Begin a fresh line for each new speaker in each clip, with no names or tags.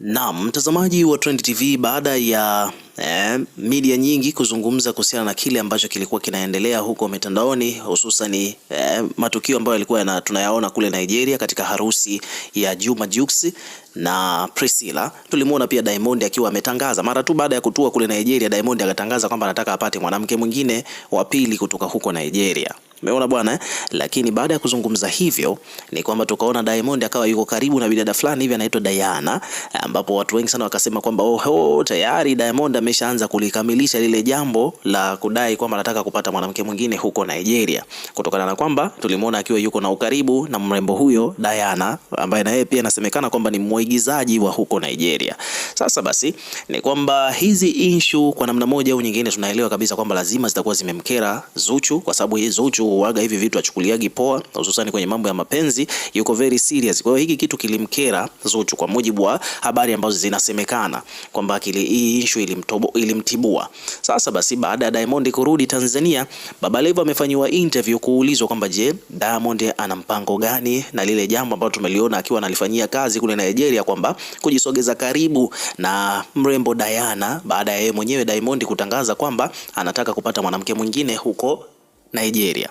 Naam, mtazamaji wa Trend TV, baada ya eh, media nyingi kuzungumza kuhusiana na kile ambacho kilikuwa kinaendelea huko mitandaoni hususan eh, matukio ambayo yalikuwa tunayaona kule Nigeria katika harusi ya Juma Jux na Priscilla, tulimwona pia Diamond akiwa ametangaza mara tu baada ya kutua kule Nigeria. Diamond akatangaza kwamba anataka apate mwanamke mwingine wa pili kutoka huko Nigeria. Umeona bwana eh? Lakini baada ya kuzungumza hivyo ni kwamba tukaona Diamond akawa yuko karibu na bidada fulani hivi anaitwa Diana, ambapo watu wengi sana wakasema kwamba oh, oh, tayari Diamond ameshaanza kulikamilisha lile jambo la kudai kwamba anataka kupata mwanamke mwingine huko Nigeria, kutokana na kwamba tulimuona akiwa yuko na ukaribu na mrembo huyo Diana, ambaye na yeye pia anasemekana kwamba ni mwigizaji wa huko Nigeria. Sasa basi ni kwamba hizi issue kwa namna moja au nyingine tunaelewa kabisa kwamba lazima zitakuwa zimemkera Zuchu kwa sababu Zuchu huaga hivi vitu achukuliagi poa, hususan kwenye mambo ya mapenzi, yuko very serious. Kwa hiyo hiki kitu kilimkera Zuchu, kwa mujibu wa habari ambazo zinasemekana kwamba hii issue ilimtobo ilimtibua. Sasa basi, baada ya Diamond kurudi Tanzania, Baba Levo amefanyiwa interview kuulizwa kwamba je, Diamond ana mpango gani na lile jambo ambalo tumeliona akiwa analifanyia kazi kule Nigeria, kwamba kujisogeza karibu na mrembo Diana baada ya yeye mwenyewe Diamond kutangaza kwamba anataka kupata mwanamke mwingine huko Nigeria.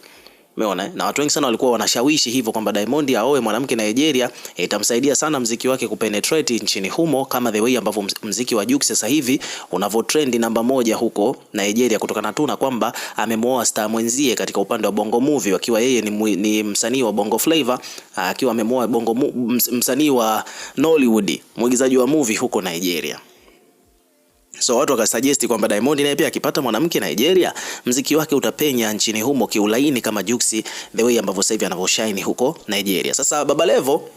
Umeona, eh? na watu wengi sana walikuwa wanashawishi hivyo kwamba Diamond aoe mwanamke Nigeria, eh, itamsaidia sana mziki wake kupenetrate nchini humo, kama the way ambavyo mziki wa Jux sasa hivi unavyo trend namba moja huko Nigeria, kutokana tu na kwamba amemwoa star mwenzie katika upande wa Bongo Movie, wakiwa yeye ni, ni msanii wa Bongo Flavor akiwa amemwoa Bongo msanii wa Nollywood, mwigizaji wa movie huko Nigeria. So watu wakasuggest kwamba Diamond naye pia akipata mwanamke Nigeria, mziki wake utapenya nchini humo kiulaini kama Jux, the way ambavyo sasa hivi anavyoshine huko Nigeria. Sasa Baba Levo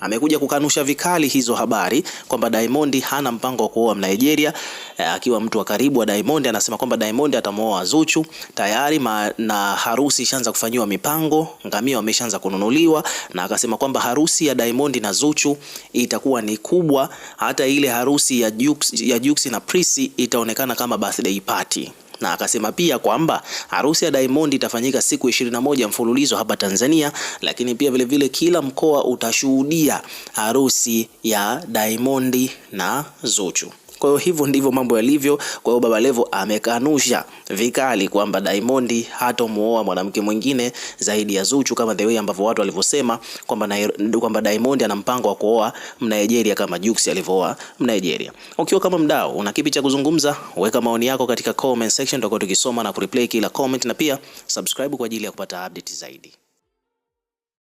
amekuja kukanusha vikali hizo habari kwamba Diamond hana mpango wa kuoa Mnigeria, eh, akiwa mtu wa karibu wa Diamond. Anasema kwamba Diamond atamuoa Zuchu tayari ma, na harusi ishaanza kufanyiwa mipango, ngamia wameshaanza kununuliwa, na akasema kwamba harusi ya Diamond na Zuchu itakuwa ni kubwa, hata ile harusi ya Jux, ya Jux na Prissy itaonekana kama birthday party na akasema pia kwamba harusi ya Diamond itafanyika siku 21 mfululizo hapa Tanzania, lakini pia vilevile vile kila mkoa utashuhudia harusi ya Diamond na Zuchu. Kwa hiyo hivyo ndivyo mambo yalivyo. Kwa hiyo Baba Levo amekanusha vikali kwamba Diamond hatomuoa mwanamke mwingine zaidi ya Zuchu, kama the way ambavyo watu walivyosema kwamba kwamba Diamond ana mpango wa kuoa Mnigeria kama Jux alivyooa Mnigeria. Ukiwa kama mdau, una kipi cha kuzungumza? Weka maoni yako katika comment section, tutakuwa tukisoma na kureplay kila comment, na pia subscribe kwa ajili ya kupata update zaidi.